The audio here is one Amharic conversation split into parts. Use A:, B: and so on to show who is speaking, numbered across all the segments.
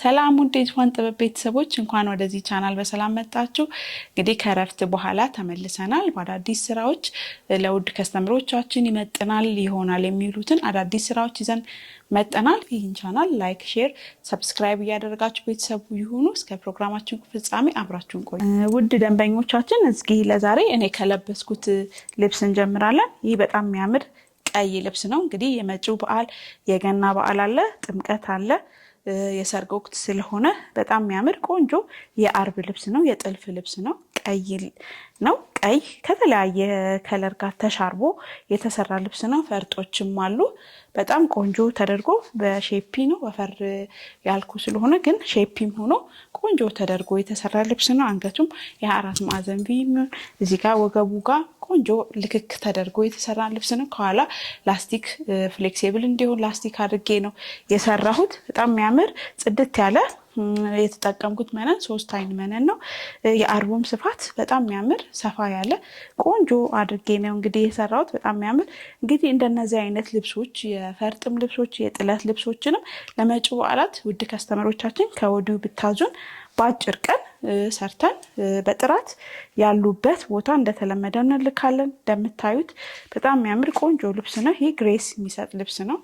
A: ሰላም ውድ የዙፋን ጥበብ ቤተሰቦች እንኳን ወደዚህ ቻናል በሰላም መጣችሁ። እንግዲህ ከረፍት በኋላ ተመልሰናል። በአዳዲስ ስራዎች ለውድ ከስተምሮቻችን ይመጥናል ይሆናል የሚሉትን አዳዲስ ስራዎች ይዘን መጠናል። ይህን ቻናል ላይክ፣ ሼር፣ ሰብስክራይብ እያደረጋችሁ ቤተሰቡ ይሁኑ። እስከ ፕሮግራማችን ፍጻሜ አብራችሁን ቆዩ። ውድ ደንበኞቻችን
B: እዚህ ለዛሬ እኔ ከለበስኩት ልብስ እንጀምራለን። ይህ በጣም የሚያምር ቀይ ልብስ ነው። እንግዲህ የመጪው በዓል የገና በዓል አለ፣ ጥምቀት አለ የሰርግ ወቅት ስለሆነ በጣም የሚያምር ቆንጆ የአርብ ልብስ ነው። የጥልፍ ልብስ ነው። ቀይ ነው። ቀይ ከተለያየ ከለር ጋር ተሻርቦ የተሰራ ልብስ ነው። ፈርጦችም አሉ። በጣም ቆንጆ ተደርጎ በሼፒ ነው በፈር ያልኩ ስለሆነ ግን ሼፒም ሆኖ ቆንጆ ተደርጎ የተሰራ ልብስ ነው። አንገቱም የአራት ማዕዘን ቪ የሚሆን እዚህ ጋር ወገቡ ጋር ቆንጆ ልክክ ተደርጎ የተሰራ ልብስ ነው። ከኋላ ላስቲክ ፍሌክሲብል እንዲሆን ላስቲክ አድርጌ ነው የሰራሁት። በጣም የሚያምር ጽድት ያለ የተጠቀምኩት መነን ሶስት አይን መነን ነው። የአርቡም ስፋት በጣም የሚያምር ሰፋ ያለ ቆንጆ አድርጌ ነው እንግዲህ የሰራሁት። በጣም የሚያምር እንግዲህ እንደነዚህ አይነት ልብሶች የፈርጥም ልብሶች የጥለት ልብሶችንም ለመጪው በዓላት ውድ ከስተመሮቻችን ከወዲሁ ብታዙን በአጭር ቀን ሰርተን በጥራት ያሉበት ቦታ እንደተለመደ እንልካለን። እንደምታዩት በጣም የሚያምር ቆንጆ ልብስ ነው። ይሄ ግሬስ የሚሰጥ ልብስ ነው።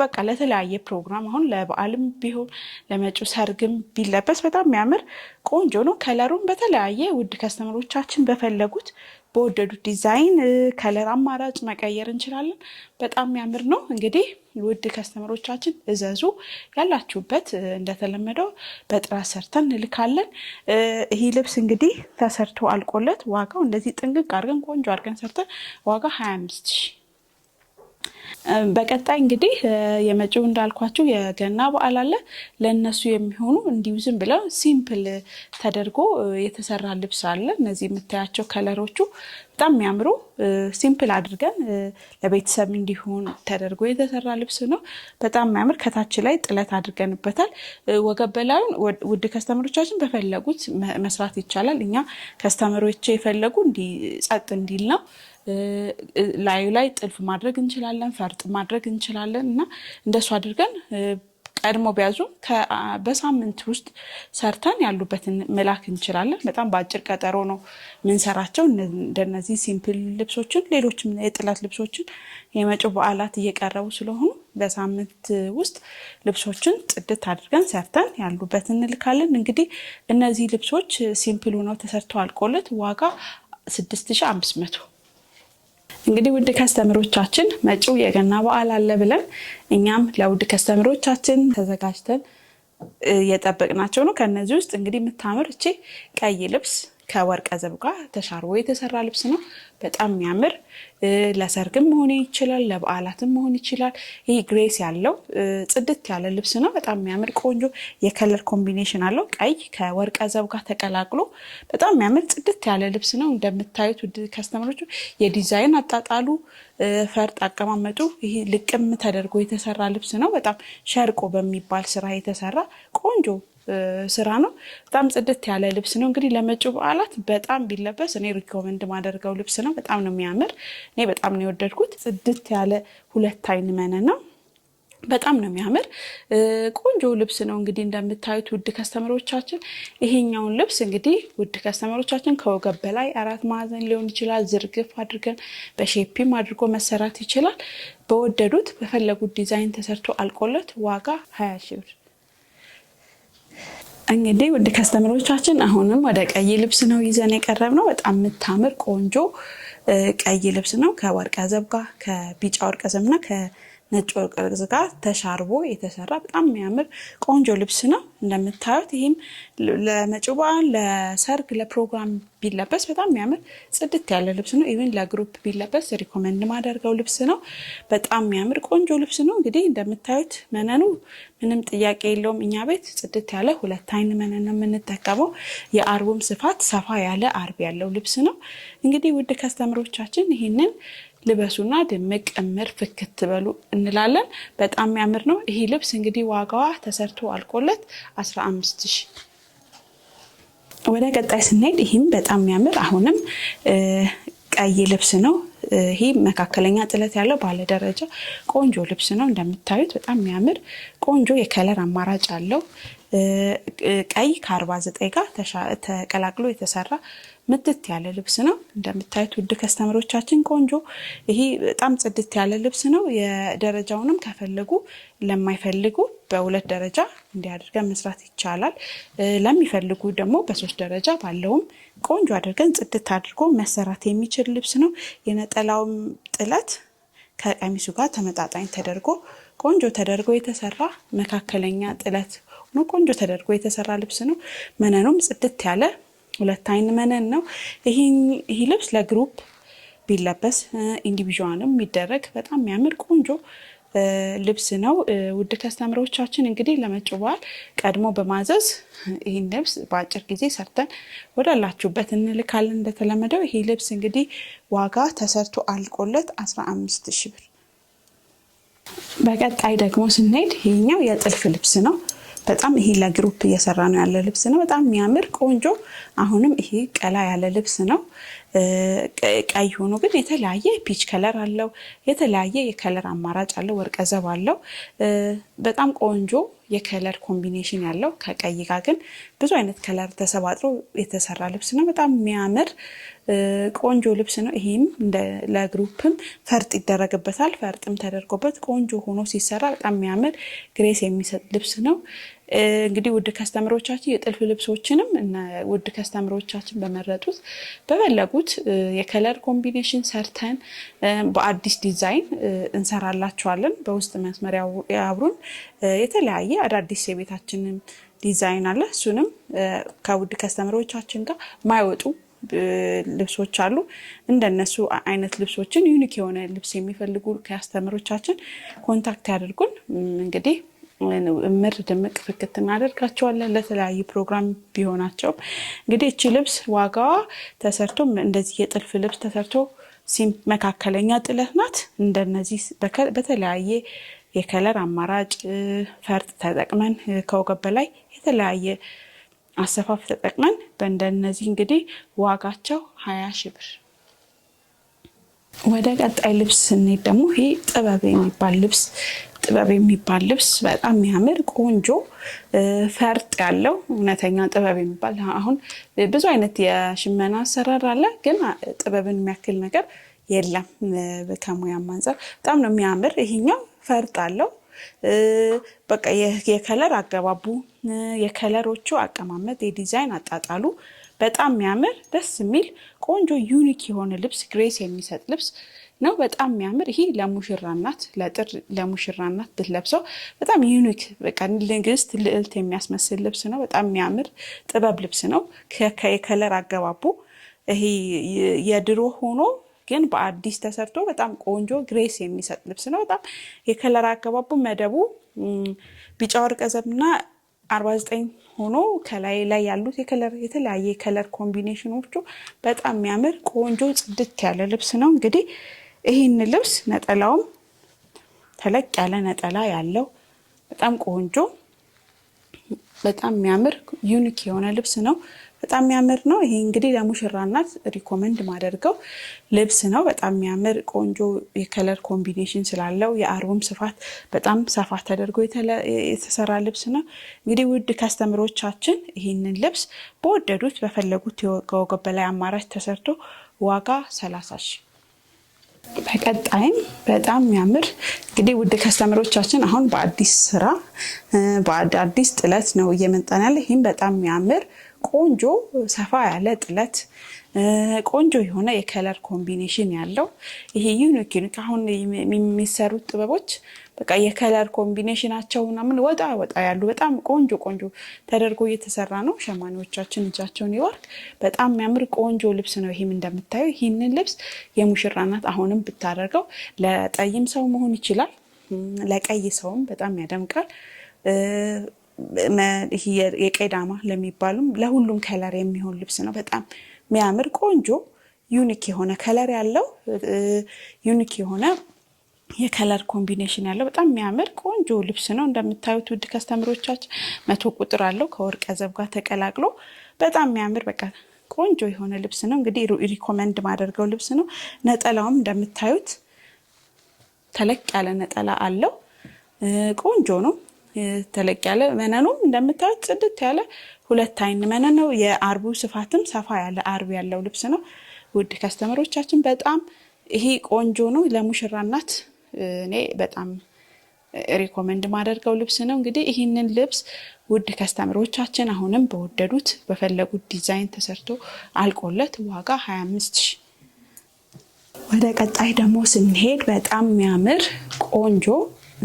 B: በቃ ለተለያየ ፕሮግራም አሁን ለበዓልም ቢሆን ለመጪው ሰርግም ቢለበስ በጣም የሚያምር ቆንጆ ነው። ከለሩም በተለያየ ውድ ከስተመሮቻችን በፈለጉት በወደዱት ዲዛይን ከለር አማራጭ መቀየር እንችላለን። በጣም የሚያምር ነው። እንግዲህ ውድ ከስተመሮቻችን እዘዙ። ያላችሁበት እንደተለመደው በጥራት ሰርተን እንልካለን። ይህ ልብስ እንግዲህ ተሰርቶ አልቆለት ዋጋው እንደዚህ ጥንቅቅ አድርገን ቆንጆ አድርገን ሰርተን ዋጋ ሀያ አምስት ሺህ በቀጣይ እንግዲህ የመጪው እንዳልኳችሁ የገና በዓል አለ። ለእነሱ የሚሆኑ እንዲሁ ዝም ብለው ሲምፕል ተደርጎ የተሰራ ልብስ አለ። እነዚህ የምታያቸው ከለሮቹ በጣም የሚያምሩ ሲምፕል አድርገን ለቤተሰብ እንዲሆን ተደርጎ የተሰራ ልብስ ነው። በጣም የሚያምር ከታች ላይ ጥለት አድርገንበታል። ወገብ በላዩን ውድ ከስተመሮቻችን በፈለጉት መስራት ይቻላል። እኛ ከስተመሮቼ የፈለጉ ጸጥ እንዲል ነው ላዩ ላይ ጥልፍ ማድረግ እንችላለን፣ ፈርጥ ማድረግ እንችላለን እና እንደሱ አድርገን ቀድሞ ቢያዙ በሳምንት ውስጥ ሰርተን ያሉበትን መላክ እንችላለን። በጣም በአጭር ቀጠሮ ነው ምንሰራቸው እንደነዚህ ሲምፕል ልብሶችን፣ ሌሎችም የጥለት ልብሶችን የመጪው በዓላት እየቀረቡ ስለሆኑ በሳምንት ውስጥ ልብሶችን ጥድት አድርገን ሰርተን ያሉበት እንልካለን። እንግዲህ እነዚህ ልብሶች ሲምፕል ሆነው ተሰርተው አልቆለት ዋጋ ስድስት ሺህ አምስት መቶ እንግዲህ ውድ ከስተምሮቻችን መጪው የገና በዓል አለ ብለን እኛም ለውድ ከስተምሮቻችን ተዘጋጅተን እየጠበቅናቸው ነው። ከእነዚህ ውስጥ እንግዲህ የምታምር እቺ ቀይ ልብስ ከወርቀ ዘብ ጋር ተሻርቦ የተሰራ ልብስ ነው። በጣም የሚያምር ለሰርግም መሆን ይችላል፣ ለበዓላትም መሆን ይችላል። ይህ ግሬስ ያለው ጽድት ያለ ልብስ ነው። በጣም የሚያምር ቆንጆ የከለር ኮምቢኔሽን አለው። ቀይ ከወርቀ ዘብ ጋር ተቀላቅሎ በጣም የሚያምር ጽድት ያለ ልብስ ነው። እንደምታዩት ውድ ከስተመሮቹ የዲዛይን አጣጣሉ፣ ፈርጥ አቀማመጡ ይህ ልቅም ተደርጎ የተሰራ ልብስ ነው። በጣም ሸርቆ በሚባል ስራ የተሰራ ቆንጆ ስራ ነው። በጣም ጽድት ያለ ልብስ ነው። እንግዲህ ለመጪ በዓላት በጣም ቢለበስ እኔ ሪኮመንድ ማደርገው ልብስ ነው። በጣም ነው የሚያምር። እኔ በጣም ነው የወደድኩት። ጽድት ያለ ሁለት አይን መነ ነው። በጣም ነው የሚያምር ቆንጆ ልብስ ነው። እንግዲህ እንደምታዩት ውድ ከስተመሮቻችን ይሄኛውን ልብስ እንግዲህ ውድ ከስተመሮቻችን ከወገብ በላይ አራት ማዕዘን ሊሆን ይችላል። ዝርግፍ አድርገን በሼፒም አድርጎ መሰራት ይችላል። በወደዱት በፈለጉት ዲዛይን ተሰርቶ አልቆለት ዋጋ ሀያ ሺ ብር እንግዲህ ውድ ከስተምሮቻችን አሁንም ወደ ቀይ ልብስ ነው ይዘን የቀረብ ነው። በጣም የምታምር ቆንጆ ቀይ ልብስ ነው ከወርቀ ዘብ ጋር ከቢጫ ወርቀ ዘብና ነጭ ርግዝ ጋር ተሻርቦ የተሰራ በጣም የሚያምር ቆንጆ ልብስ ነው እንደምታዩት። ይህም ለመጪው በዓል፣ ለሰርግ፣ ለፕሮግራም ቢለበስ በጣም የሚያምር ጽድት ያለ ልብስ ነው። ኢቨን ለግሩፕ ቢለበስ ሪኮመንድ ማደርገው ልብስ ነው። በጣም የሚያምር ቆንጆ ልብስ ነው። እንግዲህ እንደምታዩት መነኑ ምንም ጥያቄ የለውም። እኛ ቤት ጽድት ያለ ሁለት አይን መነን ነው የምንጠቀመው። የአርቡም ስፋት ሰፋ ያለ አርብ ያለው ልብስ ነው። እንግዲህ ውድ ከስተምሮቻችን ይህንን ልበሱና ድምቅ እምር ፍክት በሉ እንላለን። በጣም የሚያምር ነው። ይህ ልብስ እንግዲህ ዋጋዋ ተሰርቶ አልቆለት 15 ሺህ። ወደ ቀጣይ ስንሄድ ይህም በጣም የሚያምር አሁንም ቀይ ልብስ ነው። ይህ መካከለኛ ጥለት ያለው ባለደረጃ ቆንጆ ልብስ ነው። እንደምታዩት በጣም የሚያምር ቆንጆ የከለር አማራጭ አለው። ቀይ ከ49 ጋር ተቀላቅሎ የተሰራ ምትት ያለ ልብስ ነው። እንደምታዩት ውድ ከስተምሮቻችን ቆንጆ፣ ይሄ በጣም ጽድት ያለ ልብስ ነው። የደረጃውንም ከፈለጉ ለማይፈልጉ በሁለት ደረጃ እንዲያደርገን መስራት ይቻላል። ለሚፈልጉ ደግሞ በሶስት ደረጃ ባለውም ቆንጆ አድርገን ጽድት አድርጎ መሰራት የሚችል ልብስ ነው። የነጠላውም ጥለት ከቀሚሱ ጋር ተመጣጣኝ ተደርጎ ቆንጆ ተደርጎ የተሰራ መካከለኛ ጥለት ነው። ቆንጆ ተደርጎ የተሰራ ልብስ ነው። መነኑም ጽድት ያለ ሁለት አይን መነን ነው። ይህ ልብስ ለግሩፕ ቢለበስ ኢንዲቪዥዋልም የሚደረግ በጣም የሚያምር ቆንጆ ልብስ ነው። ውድ ከስተምሮቻችን እንግዲህ ለመጭ በዓል ቀድሞ በማዘዝ ይህን ልብስ በአጭር ጊዜ ሰርተን ወዳላችሁበት እንልካለን። እንደተለመደው ይህ ልብስ እንግዲህ ዋጋ ተሰርቶ አልቆለት 15 ሺ ብር። በቀጣይ ደግሞ ስንሄድ ይህኛው የጥልፍ ልብስ ነው። በጣም ይሄ ለግሩፕ እየሰራ ነው ያለ ልብስ ነው። በጣም የሚያምር ቆንጆ። አሁንም ይሄ ቀላ ያለ ልብስ ነው። ቀይ ሆኖ ግን የተለያየ ፒች ከለር አለው። የተለያየ የከለር አማራጭ አለው። ወርቀ ዘብ አለው። በጣም ቆንጆ የከለር ኮምቢኔሽን ያለው ከቀይ ጋር ግን ብዙ አይነት ከለር ተሰባጥሮ የተሰራ ልብስ ነው። በጣም የሚያምር ቆንጆ ልብስ ነው። ይሄም ለግሩፕም ፈርጥ ይደረግበታል። ፈርጥም ተደርጎበት ቆንጆ ሆኖ ሲሰራ በጣም የሚያምር ግሬስ የሚሰጥ ልብስ ነው። እንግዲህ ውድ ከስተምሮቻችን የጥልፍ ልብሶችንም ውድ ከስተምሮቻችን በመረጡት በፈለጉት የከለር ኮምቢኔሽን ሰርተን በአዲስ ዲዛይን እንሰራላቸዋለን። በውስጥ መስመር ያብሩን። የተለያየ አዳዲስ የቤታችንን ዲዛይን አለ። እሱንም ከውድ ከስተምሮቻችን ጋር ማይወጡ ልብሶች አሉ። እንደነሱ አይነት ልብሶችን ዩኒክ የሆነ ልብስ የሚፈልጉ ከስተምሮቻችን ኮንታክት ያደርጉን እንግዲህ እምር ድምቅ ፍክት እናደርጋቸዋለን። ለተለያዩ ፕሮግራም ቢሆናቸውም እንግዲህ እቺ ልብስ ዋጋዋ ተሰርቶ እንደዚህ የጥልፍ ልብስ ተሰርቶ መካከለኛ ጥለት ናት። እንደነዚህ በተለያየ የከለር አማራጭ ፈርጥ ተጠቅመን ከወገብ በላይ የተለያየ አሰፋፍ ተጠቅመን በእንደነዚህ እንግዲህ ዋጋቸው ሀያ ሺ ብር። ወደ ቀጣይ ልብስ ስንሄድ ደግሞ ይህ ጥበብ የሚባል ልብስ ጥበብ የሚባል ልብስ በጣም የሚያምር ቆንጆ ፈርጥ ያለው እውነተኛ ጥበብ የሚባል አሁን ብዙ አይነት የሽመና አሰራር አለ፣ ግን ጥበብን የሚያክል ነገር የለም። ከሙያም አንፃር በጣም ነው የሚያምር። ይሄኛው ፈርጥ አለው። በቃ የከለር አገባቡ፣ የከለሮቹ አቀማመጥ፣ የዲዛይን አጣጣሉ በጣም የሚያምር ደስ የሚል ቆንጆ ዩኒክ የሆነ ልብስ ግሬስ የሚሰጥ ልብስ ነው። በጣም የሚያምር ይሄ ለሙሽራናት ለጥር ለሙሽራናት ብትለብሰው በጣም ዩኒክ በቃ ንግስት ልዕልት የሚያስመስል ልብስ ነው። በጣም የሚያምር ጥበብ ልብስ ነው። የከለር አገባቡ ይሄ የድሮ ሆኖ ግን በአዲስ ተሰርቶ በጣም ቆንጆ ግሬስ የሚሰጥ ልብስ ነው። በጣም የከለር አገባቡ መደቡ ቢጫ ወርቀ ዘብና አርባ ዘጠኝ ሆኖ ከላይ ላይ ያሉት የተለያየ የከለር ኮምቢኔሽኖቹ በጣም የሚያምር ቆንጆ ጽድት ያለ ልብስ ነው እንግዲህ ይህን ልብስ ነጠላውም ተለቅ ያለ ነጠላ ያለው በጣም ቆንጆ በጣም የሚያምር ዩኒክ የሆነ ልብስ ነው። በጣም የሚያምር ነው። ይሄ እንግዲህ ለሙሽራ እናት ሪኮመንድ ማደርገው ልብስ ነው። በጣም የሚያምር ቆንጆ የከለር ኮምቢኔሽን ስላለው የአርቡም ስፋት በጣም ሰፋ ተደርጎ የተሰራ ልብስ ነው። እንግዲህ ውድ ከስተምሮቻችን ይህንን ልብስ በወደዱት በፈለጉት የወገብ በላይ አማራጭ ተሰርቶ ዋጋ ሰላሳ ሺ በቀጣይም በጣም የሚያምር እንግዲህ ውድ ከስተምሮቻችን አሁን በአዲስ ስራ በአዲስ ጥለት ነው እየመጣን ያለ። ይህም በጣም የሚያምር ቆንጆ ሰፋ ያለ ጥለት ቆንጆ የሆነ የከለር ኮምቢኔሽን ያለው ይሄ ዩኒክ ዩኒክ አሁን የሚሰሩት ጥበቦች በቃ የከለር ኮምቢኔሽናቸው ምናምን ወጣ ወጣ ያሉ በጣም ቆንጆ ቆንጆ ተደርጎ እየተሰራ ነው። ሸማኔዎቻችን እጃቸውን ይወርቅ። በጣም የሚያምር ቆንጆ ልብስ ነው። ይህም እንደምታዩ ይህንን ልብስ የሙሽራናት አሁንም ብታደርገው ለጠይም ሰው መሆን ይችላል። ለቀይ ሰውም በጣም ያደምቃል። የቀይ ዳማ ለሚባሉም ለሁሉም ከለር የሚሆን ልብስ ነው። በጣም የሚያምር ቆንጆ ዩኒክ የሆነ ከለር ያለው ዩኒክ የሆነ የከለር ኮምቢኔሽን ያለው በጣም የሚያምር ቆንጆ ልብስ ነው። እንደምታዩት ውድ ከስተምሮቻችን መቶ ቁጥር አለው ዘብ ጋር ተቀላቅሎ በጣም የሚያምር በቃ ቆንጆ የሆነ ልብስ ነው። እንግዲህ ሪኮመንድ ማደርገው ልብስ ነው። ነጠላውም እንደምታዩት ተለቅ ያለ ነጠላ አለው። ቆንጆ ነው። ተለቅ ያለ መነኑም እንደምታዩት ጽድት ያለ ሁለት አይን መነን ነው። የአርቡ ስፋትም ሰፋ ያለ አርብ ያለው ልብስ ነው። ውድ ከስተምሮቻችን በጣም ይሄ ቆንጆ ነው ለሙሽራ እናት እኔ በጣም ሪኮመንድ ማደርገው ልብስ ነው። እንግዲህ ይህንን ልብስ ውድ ከስተምሮቻችን አሁንም በወደዱት በፈለጉት ዲዛይን ተሰርቶ አልቆለት ዋጋ 25 ሺህ። ወደ ቀጣይ ደግሞ ስንሄድ በጣም የሚያምር ቆንጆ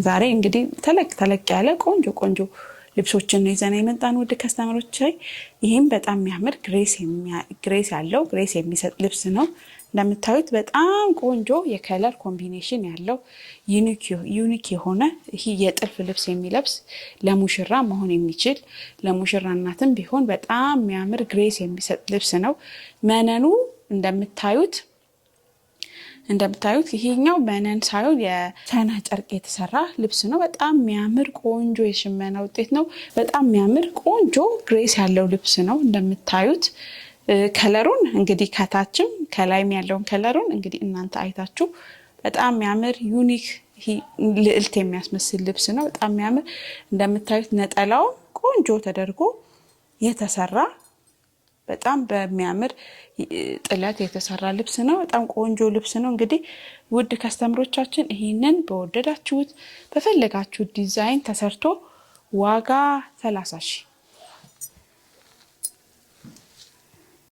B: ዛሬ እንግዲህ ተለቅ ተለቅ ያለ ቆንጆ ቆንጆ ልብሶችን ነው ይዘን የመጣን ውድ ከስተምሮች። ይህም በጣም የሚያምር ግሬስ ያለው ግሬስ የሚሰጥ ልብስ ነው። እንደምታዩት በጣም ቆንጆ የከለር ኮምቢኔሽን ያለው ዩኒክ የሆነ ይህ የጥልፍ ልብስ የሚለብስ ለሙሽራ መሆን የሚችል ለሙሽራ እናትም ቢሆን በጣም የሚያምር ግሬስ የሚሰጥ ልብስ ነው። መነኑ እንደምታዩት እንደምታዩት ይሄኛው መነን ሳይሆን የተና ጨርቅ የተሰራ ልብስ ነው። በጣም የሚያምር ቆንጆ የሽመና ውጤት ነው። በጣም የሚያምር ቆንጆ ግሬስ ያለው ልብስ ነው እንደምታዩት ከለሩን እንግዲህ ከታችም ከላይም ያለውን ከለሩን እንግዲህ እናንተ አይታችሁ በጣም የሚያምር ዩኒክ ልዕልት የሚያስመስል ልብስ ነው። በጣም የሚያምር እንደምታዩት ነጠላው ቆንጆ ተደርጎ የተሰራ በጣም በሚያምር ጥለት የተሰራ ልብስ ነው። በጣም ቆንጆ ልብስ ነው። እንግዲህ ውድ ከስተምሮቻችን ይህንን በወደዳችሁት በፈለጋችሁት ዲዛይን ተሰርቶ ዋጋ ሰላሳ ሺህ